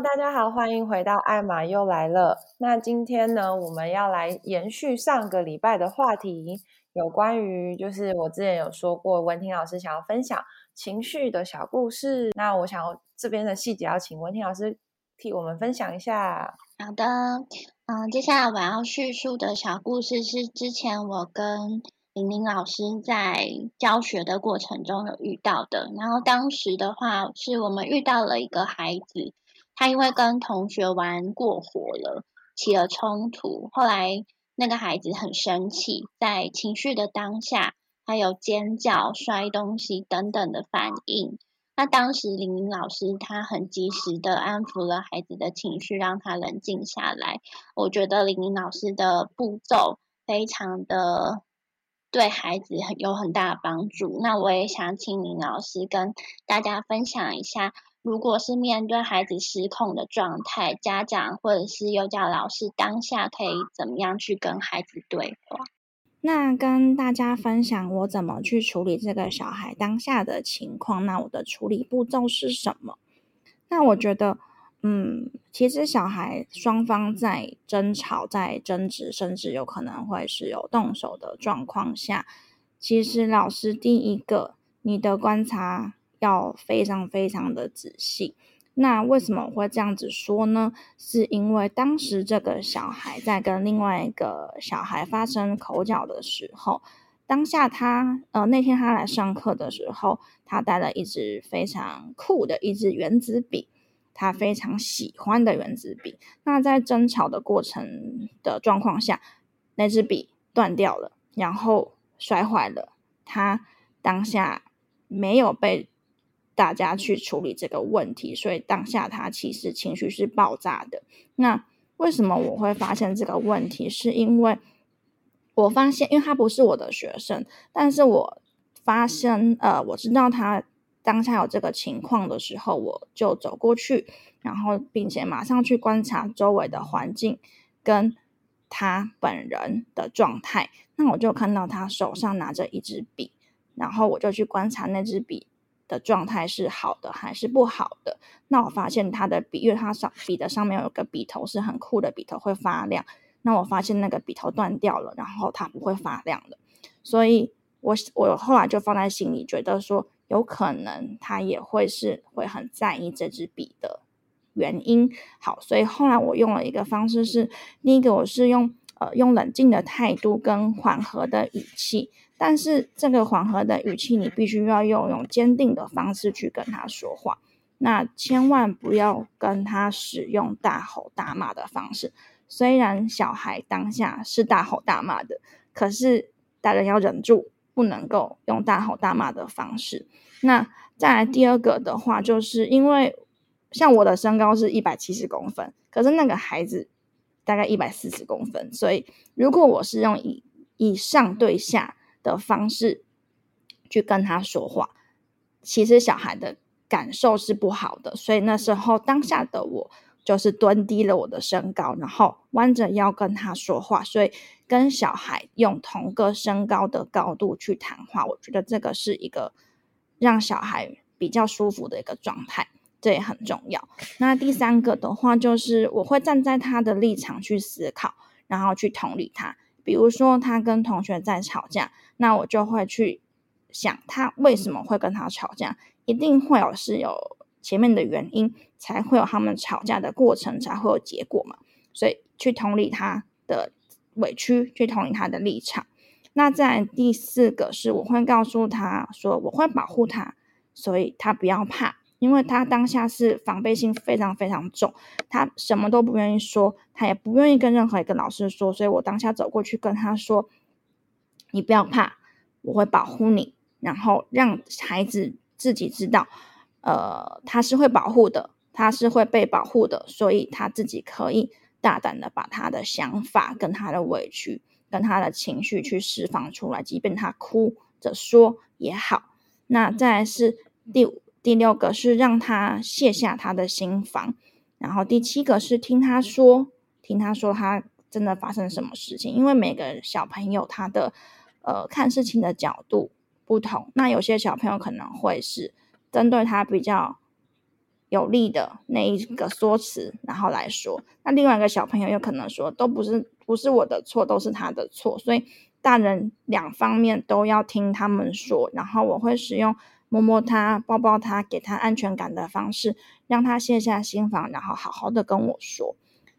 大家好，歡迎回到艾瑪又來了。那今天呢，我們要來延續上個禮拜的話題，有關於就是我之前有說過，文婷老師想要分享情緒的小故事。那我想要這邊的細節要請文婷老師替我們分享一下。好的，嗯、呃，接下來我要敘述的小故事是之前我跟伶伶老師在教學的過程中有遇到的。然後當時的話，是我們遇到了一個孩子。他因為跟同學玩過火了，起了衝突，後來那個孩子很生氣，在情緒的當下，還有尖叫、摔東西等等的反應。那當時伶伶老師他很及時的安撫了孩子的情緒，讓他冷靜下來。我覺得伶伶老師的步驟非常的對孩子很有很大的幫助。那我也想請伶老師跟大家分享一下。如果是面對孩子失控的狀態，家長或者是幼教老師當下可以怎麼樣去跟孩子對話？那跟大家分享我怎麼去處理這個小孩當下的情況。那我的處理步驟是什麼？那我覺得，嗯，其實小孩雙方在爭吵、在爭執，甚至有可能會是有動手的狀況下，其實老師第一個，你的觀察。要非常非常的仔細。那為什麼我會這樣子說呢？是因為當時這個小孩在跟另外一個小孩發生口角的時候，當下他呃那天他來上課的時候，他帶了一支非常酷的一支原子筆，他非常喜歡的原子筆。那在爭吵的過程的狀況下，那支筆斷掉了，然後摔壞了。他當下沒有被。大家去處理這個問題，所以當下他其實情緒是爆炸的。那為什麼我會發現這個問題？是因為我發現，因為他不是我的學生，但是我發現，呃，我知道他當下有這個情況的時候，我就走過去，然後並且馬上去觀察周圍的環境跟他本人的狀態。那我就看到他手上拿着一支筆，然後我就去觀察那支筆。的狀態是好的還是不好的？那我發現它的筆因為它上筆的上面有個筆頭是很酷的筆頭會發亮。那我發現那個筆頭斷掉了，然後它不會發亮了。所以我，我我後來就放在心裡，覺得說有可能他也會是會很在意這支筆的原因。好，所以後來我用了一個方式是，是第一個我是用呃用冷靜的態度跟緩和的語氣。但是這個緩和的語氣，你必須要用用堅定的方式去跟他說話，那千萬不要跟他使用大吼大罵的方式。雖然小孩當下是大吼大罵的，可是大人要忍住，不能夠用大吼大罵的方式。那再來第二個的話，就是因為像我的身高是一百七十公分，可是那個孩子大概一百四十公分，所以如果我是用以以上對下。的方式去跟他說話，其實小孩的感受是不好的，所以那時候當下的我就是蹲低了我的身高，然後彎着腰跟他說話。所以跟小孩用同個身高的高度去談話，我覺得這個是一個讓小孩比較舒服的一個狀態，這也很重要。那第三個的話，就是我會站在他的立場去思考，然後去同理他。比如說他跟同學在吵架，那我就會去想他為什麼會跟他吵架，一定會有是有前面的原因，才會有他們吵架的過程，才會有結果嘛。所以去同理他的委屈，去同意他的立場。那在第四個是，我會告訴他說，我會保護他，所以他不要怕。因為他當下是防備心非常非常重，他什麼都不願意說，他也不願意跟任何一個老師說，所以我當下走過去跟他說：“你不要怕，我會保護你。”然後讓孩子自己知道，呃，他是會保護的，他是會被保護的，所以他自己可以大膽的把他的想法跟他的委屈、跟他的情緒去釋放出來，即便他哭着說也好。那再來是第五。第六個是讓他卸下他的心防，然後第七個是聽他說，聽他說他真的發生什麼事情。因為每個小朋友他的呃看事情的角度不同，那有些小朋友可能會是針對他比較有利的那一個說辭，然後來說，那另外一個小朋友有可能說都不是，不是我的錯，都是他的錯。所以大人兩方面都要聽他們說，然後我會使用。摸摸他，抱抱他，給他安全感的方式，讓他卸下心防，然後好好的跟我說。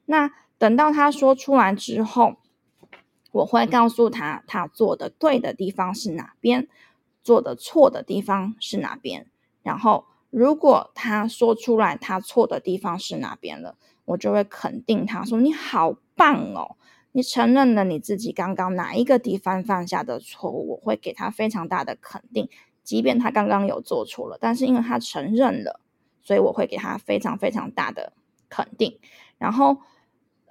那等到他說出來之後，我會告訴他，他做的對的地方是哪邊，做的錯的地方是哪邊。然後，如果他說出來他錯的地方是哪邊了，我就會肯定他說：“你好棒哦，你承認了你自己剛剛哪一個地方犯下的錯誤。”我會給他非常大的肯定。即便他剛剛有做錯了，但是因為他承認了，所以我會給他非常非常大的肯定。然後，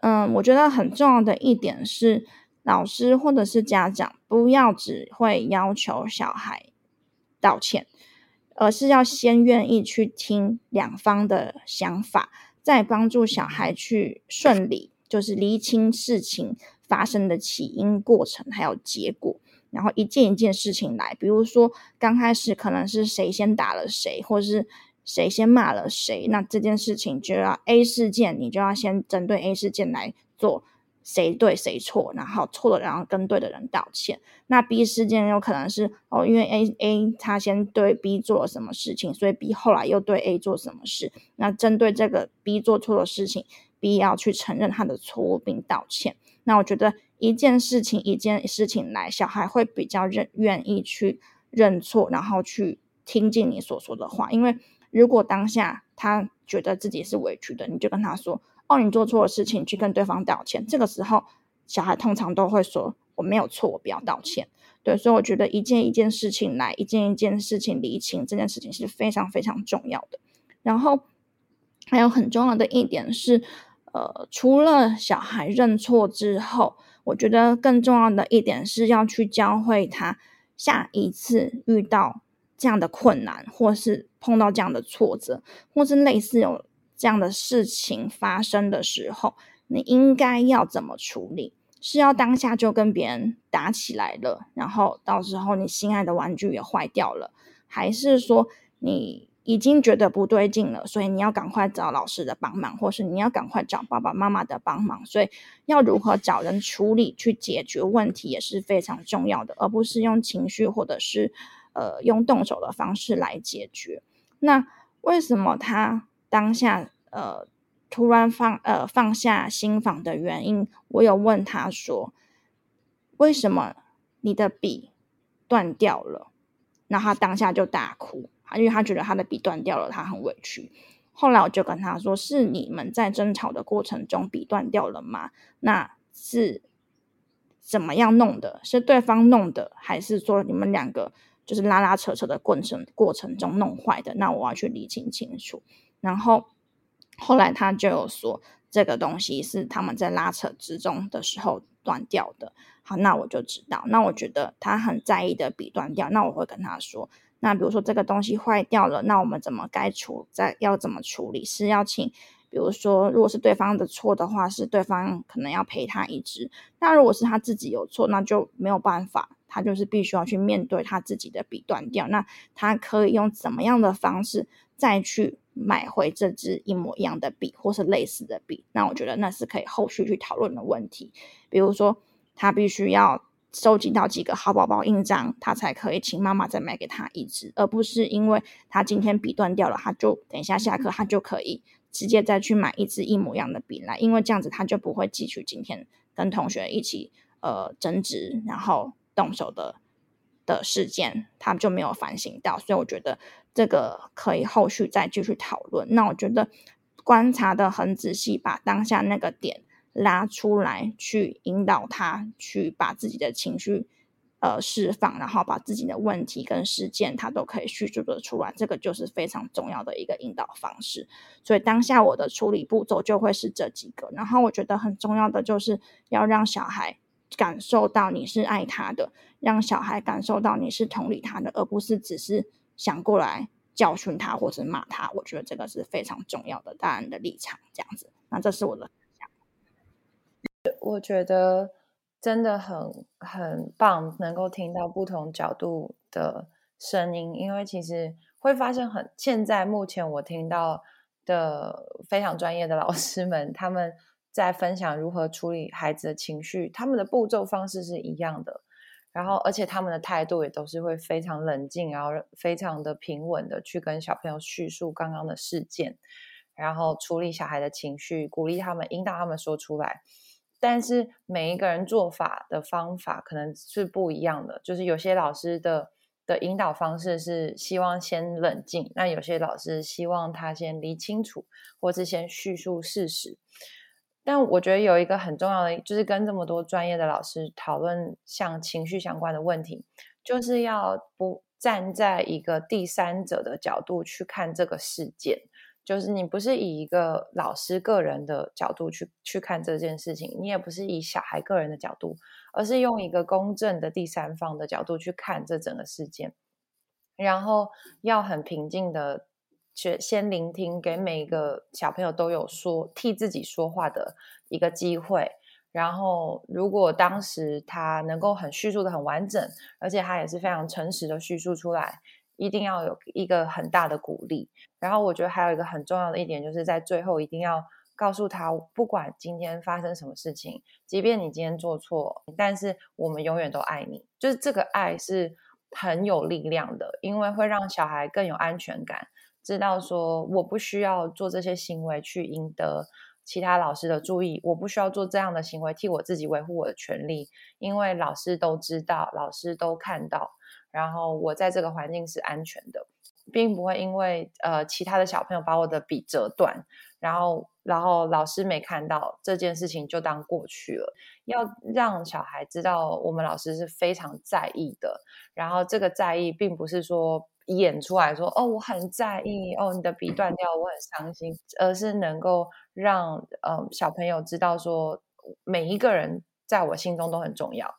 嗯，我覺得很重要的一點是，老師或者是家長不要只會要求小孩道歉，而是要先願意去聽兩方的想法，再幫助小孩去順利，就是釐清事情發生的起因、過程還有結果。然後一件一件事情來，比如說剛開始可能是誰先打了誰，或者是誰先罵了誰，那這件事情就要 A 事件，你就要先針對 A 事件來做誰對誰錯，然後錯了然後跟對的人道歉。那 B 事件有可能是哦，因為 A A 他先對 B 做了什麼事情，所以 B 後來又對 A 做什麼事。那針對這個 B 做錯的事情，B 要去承認他的錯誤並道歉。那我覺得一件事情一件事情來，小孩會比較願意去認錯，然後去聽進你所說的話。因為如果當下他覺得自己是委屈的，你就跟他說：“哦，你做錯了事情，去跟對方道歉。”這個時候，小孩通常都會說：“我沒有錯，我不要道歉。”對，所以我覺得一件一件事情來，一件一件事情理清，這件事情是非常非常重要的。然後還有很重要的一點是。呃，除了小孩認錯之後，我覺得更重要的一點是要去教會他，下一次遇到這樣的困難，或是碰到這樣的挫折，或是類似有這樣的事情發生的時候，你應該要怎麼處理？是要當下就跟別人打起來了，然後到時候你心愛的玩具也壞掉了，還是說你已經覺得不對勁了，所以你要趕快找老師的幫忙，或是你要趕快找爸爸媽媽的幫忙。所以要如何找人處理去解決問題也是非常重要的，而不是用情緒或者是呃用動手的方式來解決。那為什麼他當下呃突然放呃放下心防的原因？我有問他說，為什麼你的筆斷掉了？然後他當下就大哭。啊，因為他覺得他的筆斷掉了，他很委屈。後來我就跟他說：“是你們在爭吵的過程中筆斷掉了嗎？那是怎麼樣弄的？是對方弄的，還是說你們兩個就是拉拉扯扯的過程過程中弄壞的？那我要去理清清楚。”然後後來他就有說：“這個東西是他們在拉扯之中的時候斷掉的。”好，那我就知道。那我覺得他很在意的筆斷掉，那我會跟他說。那比如說這個東西壞掉了，那我們怎麼該處，再要怎麼處理？是要請，比如說，如果是對方的錯的話，是對方可能要賠他一支。那如果是他自己有錯，那就沒有辦法，他就是必須要去面對他自己的筆斷掉。那他可以用怎麼樣的方式再去買回這支一模一樣的筆，或是類似的筆？那我覺得那是可以後續去討論的問題。比如說，他必須要。收集到幾個好寶寶印章，他才可以請媽媽再買給他一支，而不是因為他今天筆斷掉了，他就等一下下課，他就可以直接再去買一支一模一樣的筆來，因為這樣子他就不會記取今天跟同學一起呃爭執，然後動手的的事件，他就沒有反省到，所以我覺得這個可以後續再繼續討論。那我覺得觀察的很仔細，把當下那個點。拉出來去引導他去把自己的情緒呃釋放，然後把自己的問題跟事件他都可以敘述的出來，這個就是非常重要的一個引導方式。所以當下我的處理步驟就會是這幾個，然後我覺得很重要的就是要讓小孩感受到你是愛他的，讓小孩感受到你是同理他的，而不是只是想過來教訓他或者罵他。我覺得這個是非常重要的，大人的立場這樣子。那這是我的。我覺得真的很很棒，能夠聽到不同角度的聲音，因為其實會發現，很現在目前我聽到的非常專業的老師們，他們在分享如何處理孩子的情緒，他們的步驟方式是一樣的，然後而且他們的態度也都是會非常冷靜，然後非常的平穩的去跟小朋友敘述剛剛的事件，然後處理小孩的情緒，鼓勵他們，引導他們說出來。但是每一個人做法的方法可能是不一樣的，就是有些老師的的引導方式是希望先冷靜，那有些老師希望他先理清楚，或是先敘述事實。但我覺得有一個很重要的，就是跟這麼多專業的老師討論像情緒相關的問題，就是要不站在一個第三者的角度去看這個事件。就是你不是以一個老師個人的角度去去看這件事情，你也不是以小孩個人的角度，而是用一個公正的第三方的角度去看這整個事件，然後要很平靜的去先聆聽，給每一個小朋友都有說替自己說話的一個機會。然後，如果當時他能夠很敘述的很完整，而且他也是非常誠實的敘述出來。一定要有一個很大的鼓勵，然後我覺得還有一個很重要的一點，就是在最後一定要告訴他，不管今天發生什麼事情，即便你今天做錯，但是我們永遠都愛你。就是這個愛是很有力量的，因為會讓小孩更有安全感，知道說我不需要做這些行為去贏得其他老師的注意，我不需要做這樣的行為替我自己維護我的權利，因為老師都知道，老師都看到。然後我在這個環境是安全的，並不會因為呃其他的小朋友把我的筆折斷，然後然後老師沒看到，這件事情就當過去了。要讓小孩知道，我們老師是非常在意的。然後這個在意並不是說演出來說，哦我很在意，哦你的筆斷掉我很傷心，而是能夠讓呃小朋友知道說每一個人在我心中都很重要，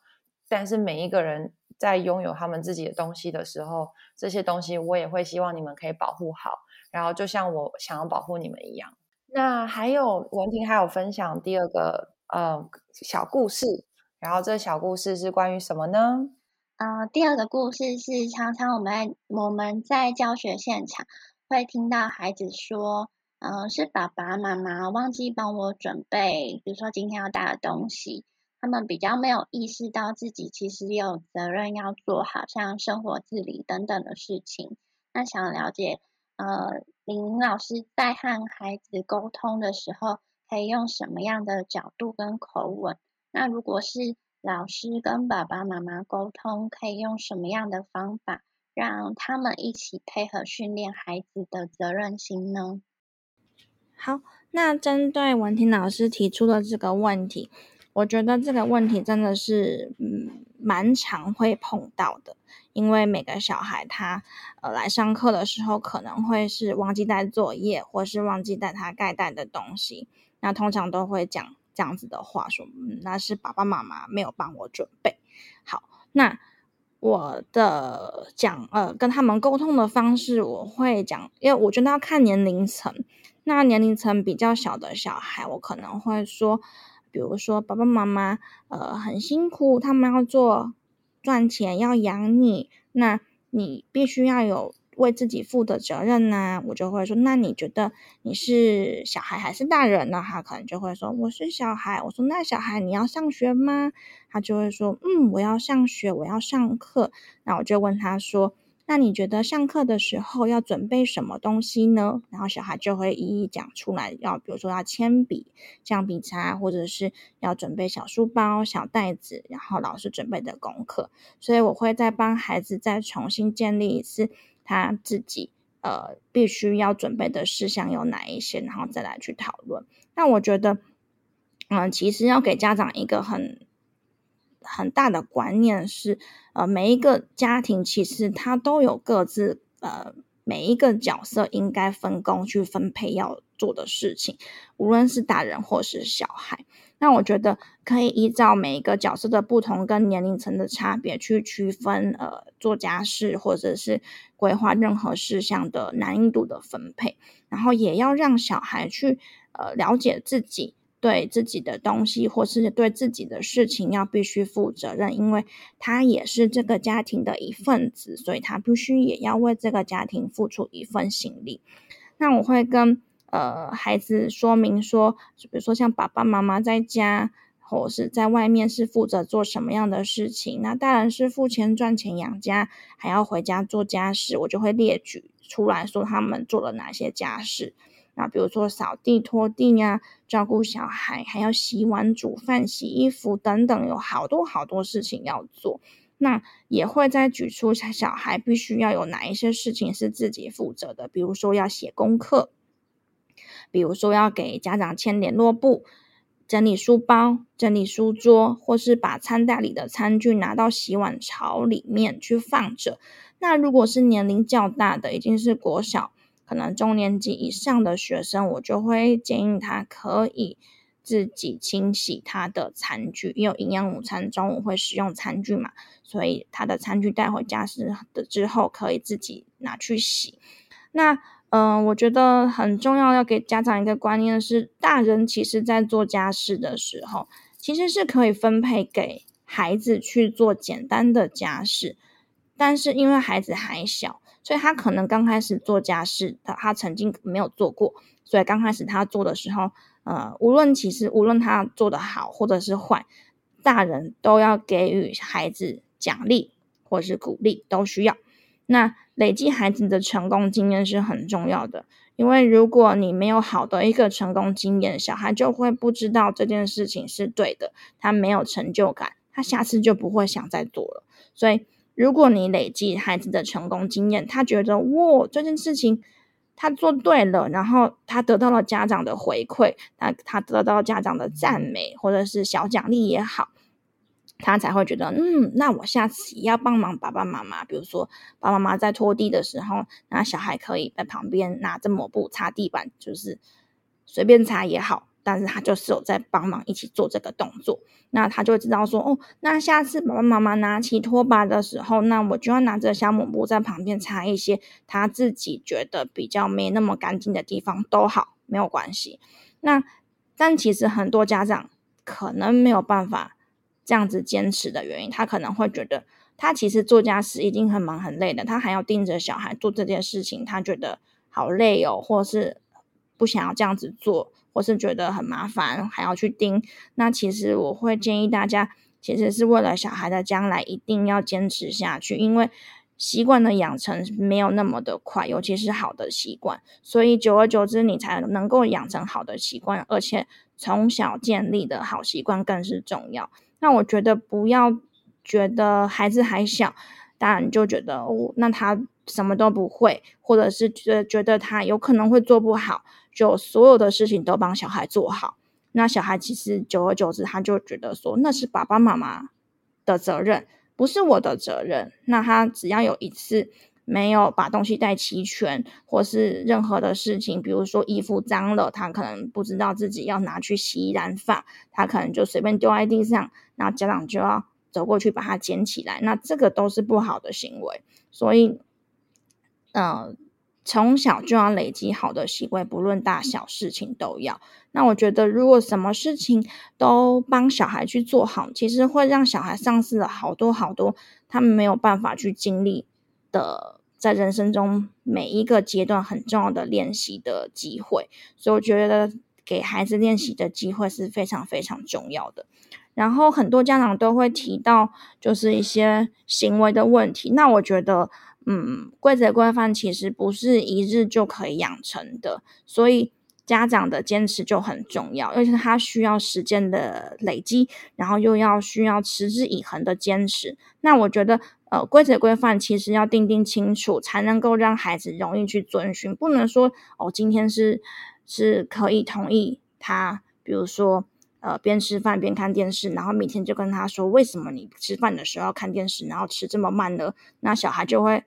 但是每一個人。在擁有他們自己的東西的時候，這些東西我也會希望你們可以保護好，然後就像我想要保護你們一樣。那還有文婷還有分享第二個呃小故事，然後這小故事是關於什麼呢？呃，第二個故事是常常我們我們在教學現場會聽到孩子說，嗯、呃，是爸爸媽媽忘記幫我準備，比如說今天要帶的東西。他們比較沒有意識到自己其實有責任要做好像生活自理等等的事情。那想了解，呃，伶伶老師在和孩子溝通的時候，可以用什麼樣的角度跟口吻？那如果是老師跟爸爸媽媽溝通，可以用什麼樣的方法，讓他們一起配合訓練孩子的責任心呢？好，那針對文婷老師提出的這個問題。我覺得這個問題真的是嗯蠻常會碰到的，因為每個小孩他呃來上課的時候，可能會是忘記帶作業，或是忘記帶他該帶的東西。那通常都會講這樣子的話，說，嗯，那是爸爸媽媽沒有幫我準備好。那我的講呃跟他們溝通的方式，我會講，因為我覺得要看年齡層。那年齡層比較小的小孩，我可能會說。比如說，爸爸媽媽，呃，很辛苦，他們要做賺錢，要養你，那你必須要有為自己負的責任呢。我就會說，那你覺得你是小孩還是大人呢？他可能就會說，我是小孩。我說，那小孩你要上學嗎？他就會說，嗯，我要上學，我要上課。那我就問他說。那你覺得上課的時候要準備什麼東西呢？然後小孩就會一一講出來，要比如說要鉛筆、橡皮擦，或者是要準備小書包、小袋子，然後老師準備的功課。所以我會再幫孩子再重新建立一次，他自己呃必須要準備的事項有哪一些，然後再來去討論。那我覺得，嗯、呃，其實要給家長一個很。很大的觀念是，呃，每一個家庭其實它都有各自，呃，每一個角色應該分工去分配要做的事情，無論是大人或是小孩。那我覺得可以依照每一個角色的不同跟年齡層的差別去區分，呃，做家事或者是規劃任何事項的難易度的分配，然後也要讓小孩去，呃，了解自己，對自己的東西或是對自己的事情要必須負責任，因為他也是這個家庭的一份子，所以他必須也要為這個家庭付出一份心力。那我會跟呃孩子說明說，就比如說像爸爸媽媽在家或者是在外面是負責做什麼樣的事情，那大人是付錢賺錢養家，還要回家做家事，我就會列舉出來說他們做了哪些家事，那比如說掃地、拖地呀。照顧小孩，還要洗碗、煮飯、洗衣服等等，有好多好多事情要做。那也會再舉出小孩必須要有哪一些事情是自己負責的，比如說要寫功課，比如說要給家長簽聯絡簿、整理書包、整理書桌，或是把餐袋裡的餐具拿到洗碗槽裡面去放着。那如果是年齡較大的，已經是國小。可能中年級以上的學生，我就會建議他可以自己清洗他的餐具，因為營養午餐中午會使用餐具嘛，所以他的餐具帶回家是的之後可以自己拿去洗。那嗯、呃，我覺得很重要，要給家長一個觀念是，大人其實在做家事的時候，其實是可以分配給孩子去做簡單的家事，但是因為孩子還小。所以他可能剛開始做家事，他曾經沒有做過，所以剛開始他做的時候，呃，無論其實無論他做的好或者是壞，大人都要給予孩子獎勵或者是鼓勵，都需要。那累積孩子的成功經驗是很重要的，因為如果你沒有好的一個成功經驗，小孩就會不知道這件事情是對的，他沒有成就感，他下次就不會想再做了。所以。如果你累積孩子的成功經驗，他覺得哇，這件事情他做對了，然後他得到了家長的回饋，那他得到家長的讚美或者是小獎勵也好，他才會覺得嗯，那我下次也要幫忙爸爸媽媽。比如說爸爸媽媽在拖地的時候，那小孩可以在旁邊拿著抹布擦地板，就是隨便擦也好。但是他就是有在幫忙一起做這個動作，那他就知道說哦，那下次爸爸媽媽拿起拖把的時候，那我就要拿着小抹布在旁邊擦一些他自己覺得比較沒那麼乾淨的地方都好，沒有關係。那但其實很多家長可能沒有辦法這樣子堅持的原因，他可能會覺得他其實做家事一定很忙很累的，他還要盯着小孩做這件事情，他覺得好累哦，或是不想要這樣子做。或是覺得很麻煩，還要去盯。那其實我會建議大家，其實是為了小孩的將來，一定要堅持下去。因為習慣的養成沒有那麼的快，尤其是好的習慣，所以久而久之，你才能夠養成好的習慣。而且從小建立的好習慣更是重要。那我覺得不要覺得孩子還小。當然，就覺得哦，那他什麼都不會，或者是覺得覺得他有可能會做不好，就所有的事情都幫小孩做好。那小孩其實久而久之，他就覺得說那是爸爸媽媽的責任，不是我的責任。那他只要有一次沒有把東西帶齊全，或是任何的事情，比如說衣服髒了，他可能不知道自己要拿去洗衣籃，放，他可能就隨便丟在地上，然後家長就要。走過去把它撿起來，那這個都是不好的行為。所以，呃，從小就要累積好的習慣，不論大小事情都要。那我覺得，如果什麼事情都幫小孩去做好，其實會讓小孩喪失了好多好多他們沒有辦法去經歷的，在人生中每一個階段很重要的練習的機會。所以，我覺得給孩子練習的機會是非常非常重要的。然後很多家長都會提到，就是一些行為的問題。那我覺得，嗯，規則規範其實不是一日就可以養成的，所以家長的堅持就很重要。而且他需要時間的累積，然後又要需要持之以恆的堅持。那我覺得，呃，規則規範其實要定定清楚，才能夠讓孩子容易去遵循。不能說哦，今天是是可以同意他，比如說。呃，邊吃飯邊看電視，然後每天就跟他說：“為什麼你吃飯的時候要看電視，然後吃這麼慢呢？”那小孩就會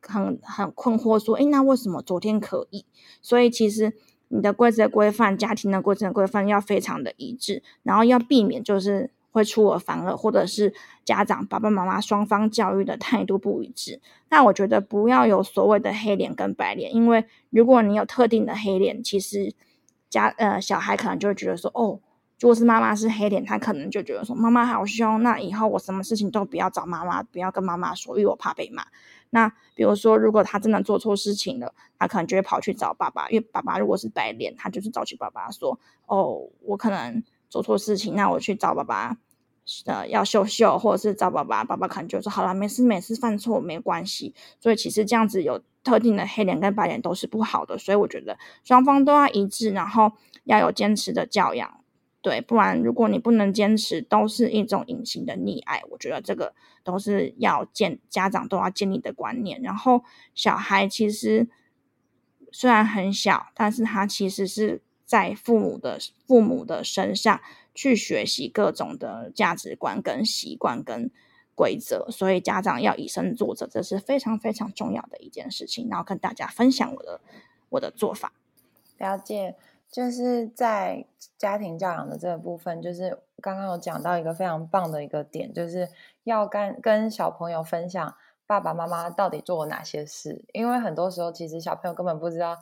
很很困惑，說：“哎，那為什麼昨天可以？”所以，其實你的規則規範、家庭的規則規範要非常的一致，然後要避免就是會出爾反爾，或者是家長、爸爸媽媽雙方教育的態度不一致。那我覺得不要有所謂的黑臉跟白臉，因為如果你有特定的黑臉，其實家呃小孩可能就會覺得說：“哦。”如果是媽媽是黑臉，他可能就覺得說媽媽好凶，那以後我什麼事情都不要找媽媽，不要跟媽媽說，因為我怕被罵。那比如說，如果他真的做錯事情了，他可能就會跑去找爸爸，因為爸爸如果是白臉，他就是找去爸爸說，哦，我可能做錯事情，那我去找爸爸，呃，要秀秀，或者是找爸爸。爸爸可能就說好了，沒事沒事，犯錯沒關係。所以其實這樣子有特定的黑臉跟白臉都是不好的，所以我覺得雙方都要一致，然後要有堅持的教養。對，不然如果你不能堅持，都是一種隱形的溺愛。我覺得這個都是要建家長都要建立的觀念。然後小孩其實雖然很小，但是他其實是在父母的父母的身上去學習各種的價值觀、跟習慣、跟規則。所以家長要以身作則，這是非常非常重要的一件事情。然後跟大家分享我的我的做法，了解。就是在家庭教養的這個部分，就是剛剛有講到一個非常棒的一個點，就是要跟跟小朋友分享爸爸媽媽到底做了哪些事。因為很多時候，其實小朋友根本不知道，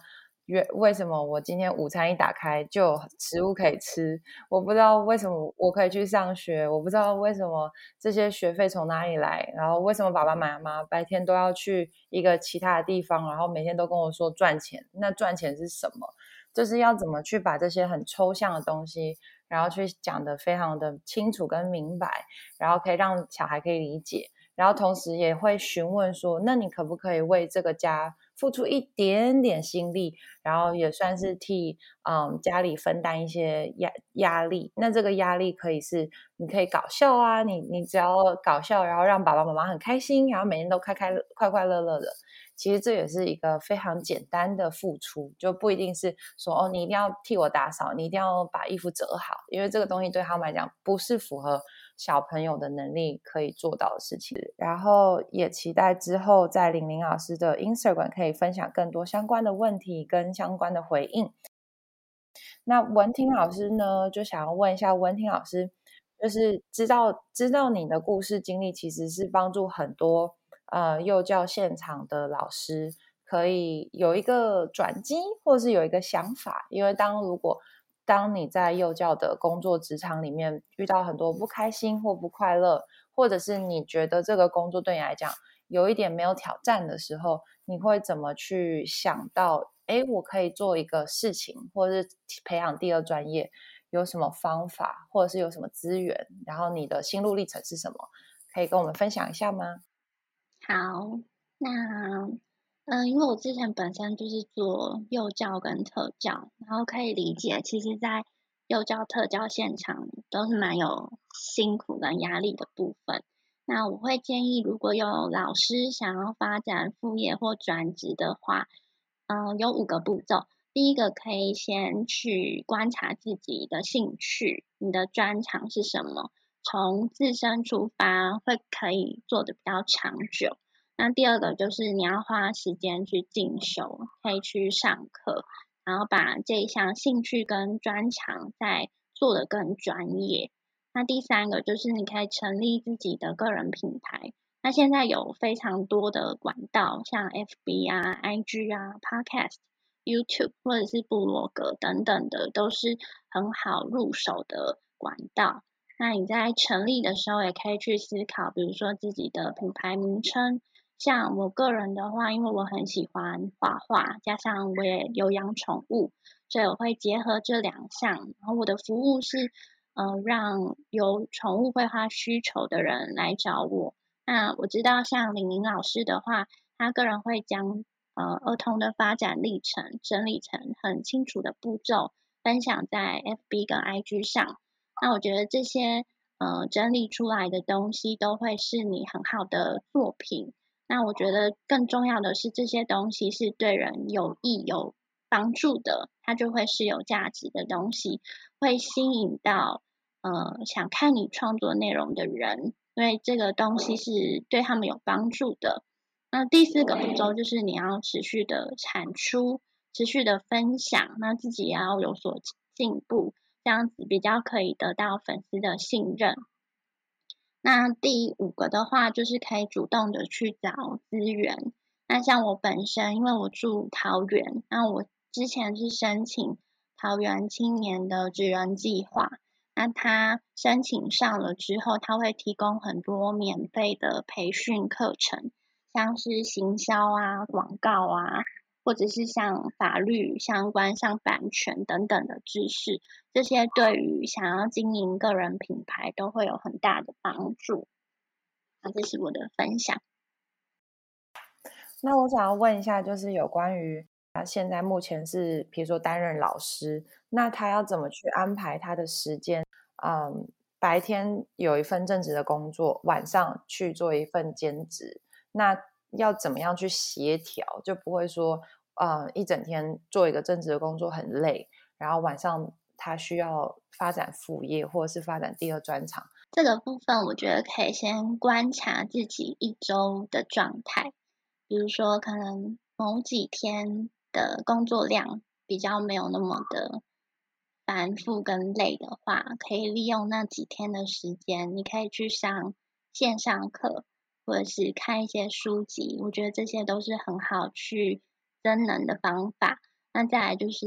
為什麼我今天午餐一打開就有食物可以吃，我不知道為什麼我可以去上學，我不知道為什麼這些學費從哪裡來，然後為什麼爸爸媽媽白天都要去一個其他的地方，然後每天都跟我說賺錢，那賺錢是什麼？就是要怎麼去把這些很抽象的東西，然後去講得非常的清楚跟明白，然後可以讓小孩可以理解，然後同時也會詢問說，那你可不可以為這個家付出一點點心力，然後也算是替嗯家裡分擔一些壓壓力。那這個壓力可以是你可以搞笑啊，你你只要搞笑，然後讓爸爸媽媽很開心，然後每天都開開快快樂樂的。其實這也是一個非常簡單的付出，就不一定是說哦，你一定要替我打掃，你一定要把衣服折好，因為這個東西對他們來講不是符合小朋友的能力可以做到的事情。然後也期待之後在伶伶老師的 Instagram 可以分享更多相關的問題跟相關的回應。那文婷老師呢，就想要問一下文婷老師，就是知道知道你的故事經歷其實是幫助很多。呃，幼教現場的老師可以有一個轉機，或者是有一個想法。因為當如果當你在幼教的工作職場裡面遇到很多不開心或不快樂，或者是你覺得這個工作對你來講有一點沒有挑戰的時候，你會怎麼去想到？哎，我可以做一個事情，或者是培養第二專業，有什麼方法，或者是有什麼資源？然後你的心路歷程是什麼？可以跟我們分享一下嗎？好，那嗯，因為我之前本身就是做幼教跟特教，然後可以理解，其實，在幼教、特教現場都是蠻有辛苦跟壓力的部分。那我會建議，如果有老師想要發展副業或轉職的話，嗯，有五個步驟。第一個可以先去觀察自己的興趣，你的專長是什麼。從自身出發會可以做得比較長久。那第二個就是你要花時間去進修，可以去上課，然後把這一項興趣跟專長再做得更專業。那第三個就是你可以成立自己的個人品牌。那現在有非常多的管道，像 FB 啊、IG 啊、Podcast、YouTube 或者是部落格等等的，都是很好入手的管道。那你在成立的時候也可以去思考，比如說自己的品牌名稱。像我個人的話，因為我很喜歡畫畫，加上我也有養寵物，所以我會結合這兩項。然後我的服務是，呃，讓有寵物繪畫需求的人來找我。那我知道像伶伶老師的話，他個人會將，呃，兒童的發展歷程整理成很清楚的步驟，分享在 FB 跟 IG 上。那我覺得這些，呃，整理出來的東西都會是你很好的作品。那我覺得更重要的是，這些東西是對人有益有幫助的，它就會是有價值的東西，會吸引到呃想看你創作內容的人，因為這個東西是對他們有幫助的。那第四個步驟就是你要持續的產出，對持續的分享，那自己也要有所進步。這樣子比較可以得到粉絲的信任。那第五個的話，就是可以主動的去找資源。那像我本身，因為我住桃園，那我之前是申請桃園青年的職員計劃。那他申請上了之後，他會提供很多免費的培訓課程，像是行銷啊、廣告啊。或者是像法律相關、像版權等等的知識，這些對於想要經營個人品牌都會有很大的幫助。那這是我的分享。那我想要問一下，就是有關於他現在目前是比如說擔任老師，那他要怎麼去安排他的時間？嗯，白天有一份正職的工作，晚上去做一份兼職，那要怎麼樣去協調，就不會說。呃，一整天做一個正職的工作很累，然後晚上他需要發展副業或者是發展第二專長。這個部分我覺得可以先觀察自己一周的狀態，比如說可能某幾天的工作量比較沒有那麼的繁複跟累的話，可以利用那幾天的時間，你可以去上線上課，或者是看一些書籍。我覺得這些都是很好去。增能的方法，那再來就是，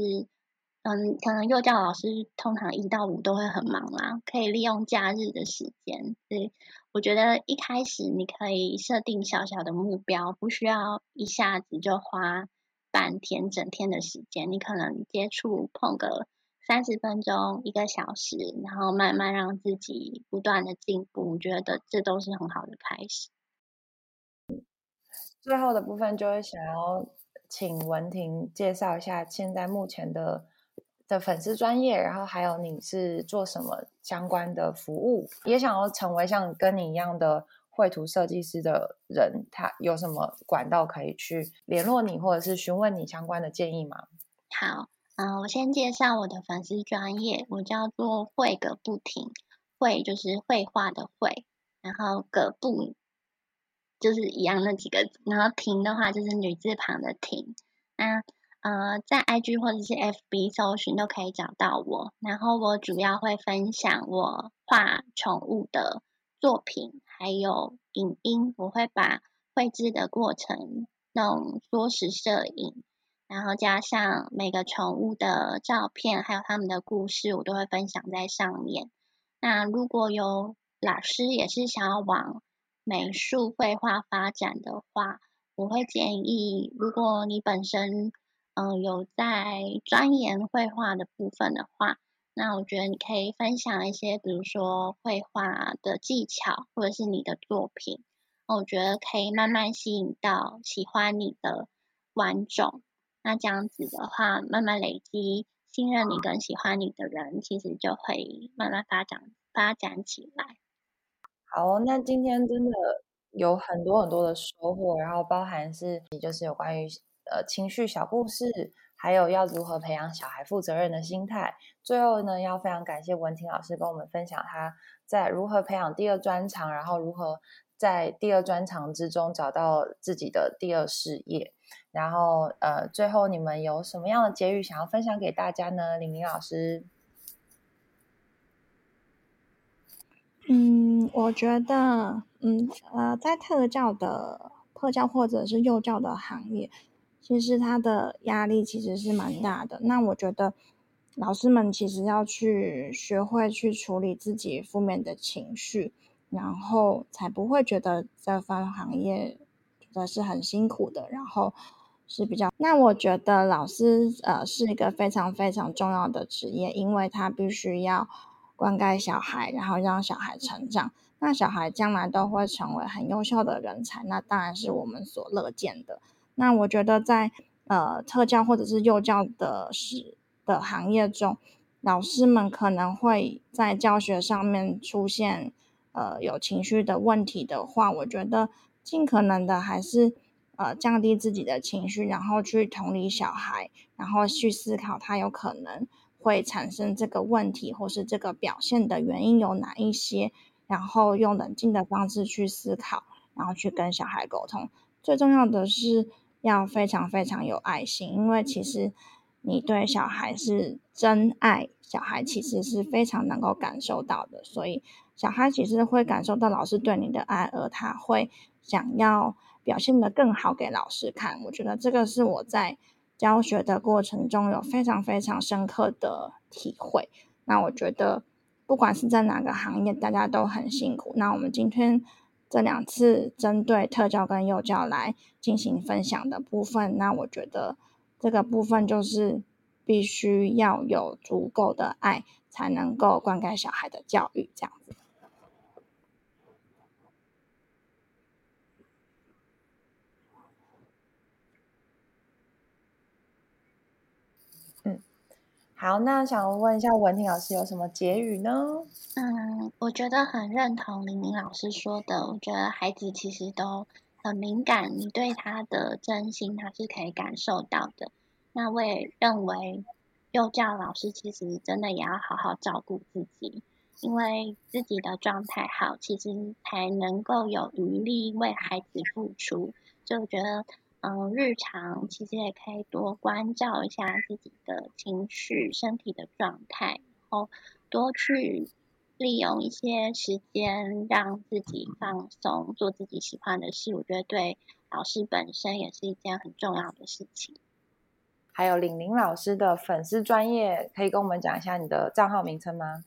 嗯，可能幼教老師通常一到五都會很忙啦，啊，可以利用假日的時間。所以我覺得一開始你可以設定小小的目標，不需要一下子就花半天、整天的時間。你可能接觸碰個三十分鐘、一個小時，然後慢慢讓自己不斷的進步，我覺得這都是很好的開始。最後的部分就會想要。請文婷介紹一下現在目前的的粉絲專頁，然後還有你是做什麼相關的服務？也想要成為像跟你一樣的繪圖設計師的人，他有什麼管道，可以去聯絡你，或者是詢問你相關的建議嗎？好，嗯，我先介紹我的粉絲專頁，我叫做繪個不婷，繪就是繪畫的繪，然後個不。就是一樣那幾個，然後「婷」的話就是女字旁的「婷」那。那呃，在 IG 或者是 FB 搜尋都可以找到我。然後我主要會分享我畫寵物的作品，還有影音。我會把繪製的過程那種縮時攝影，然後加上每個寵物的照片，還有他們的故事，我都會分享在上面。那如果有老師也是想要往美術繪畫發展的話，我會建議，如果你本身嗯、呃、有在鑽研繪畫的部分的話，那我覺得你可以分享一些，比如說繪畫的技巧或者是你的作品，我覺得可以慢慢吸引到喜歡你的觀眾，那這樣子的話，慢慢累積信任你跟喜歡你的人，其實就會慢慢發展發展起來。好，那今天真的有很多很多的收穫，然後包含是，也就是有關於呃情緒小故事，還有要如何培養小孩負責任的心態。最後呢，要非常感謝文婷老師跟我們分享他在如何培養第二專長，然後如何在第二專長之中找到自己的第二事業。然後呃，最後你們有什麼樣的結語想要分享給大家呢？伶伶老師。嗯，我覺得，嗯，呃，在特教的特教或者是幼教的行業，其實他的壓力其實是蠻大的。那我覺得，老師們其實要去學會去處理自己負面的情緒，然後才不會覺得這份行業覺得是很辛苦的，然後是比較。那我覺得老師，呃，是一個非常非常重要的職業，因為他必須要。灌溉小孩，然後讓小孩成長，那小孩將來都會成為很優秀的人才，那當然是我們所樂見的。那我覺得在呃特教或者是幼教的師的行業中，老師們可能會在教學上面出現呃有情緒的問題的話，我覺得盡可能的還是呃降低自己的情緒，然後去同理小孩，然後去思考他有可能。會產生這個問題或是這個表現的原因有哪一些？然後用冷靜的方式去思考，然後去跟小孩溝通。最重要的是要非常非常有愛心，因為其實你對小孩是真愛，小孩其實是非常能夠感受到的。所以小孩其實會感受到老師對你的愛，而他會想要表現得更好給老師看。我覺得這個是我在。教學的過程中有非常非常深刻的體會。那我覺得，不管是在哪個行業，大家都很辛苦。那我們今天這兩次針對特教跟幼教來進行分享的部分，那我覺得這個部分就是必須要有足夠的愛，才能夠灌溉小孩的教育，這樣子。好，那想問一下文婷老師有什麼結語呢？嗯，我覺得很認同伶伶老師說的，我覺得孩子其實都很敏感，你對他的真心，他是可以感受到的。那我也認為，幼教老師其實真的也要好好照顧自己，因為自己的狀態好，其實才能夠有餘力為孩子付出。就覺得。嗯，日常其實也可以多關照一下自己的情緒、身體的狀態，然後多去利用一些時間讓自己放鬆，做自己喜歡的事。我覺得對老師本身也是一件很重要的事情。還有伶伶老師的粉絲專頁，可以跟我們講一下你的賬號名稱嗎？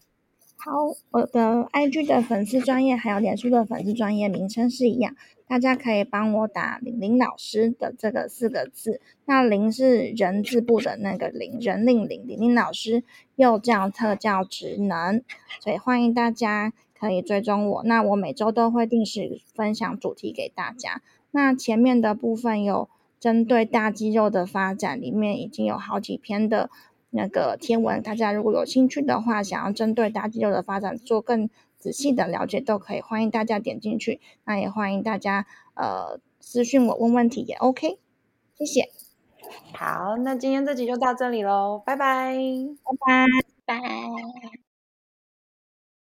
好，我的 IG 的粉絲專頁還有臉書的粉絲專頁名稱是一樣，大家可以幫我打伶伶老師的這個四個字，那伶是人字部的那個伶，人令伶，伶伶老師又叫特教職能，所以歡迎大家可以追蹤我，那我每周都會定時分享主題給大家，那前面的部分有針對大肌肉的發展，裡面已經有好幾篇的。那個天文，大家如果有興趣的話，想要針對大肌肉的發展做更仔細的了解，都可以，歡迎大家點進去。那也歡迎大家呃私信我問問題也 OK，謝謝。好，那今天這集就到這裡嘍，拜拜，拜拜，拜，拜。拜拜。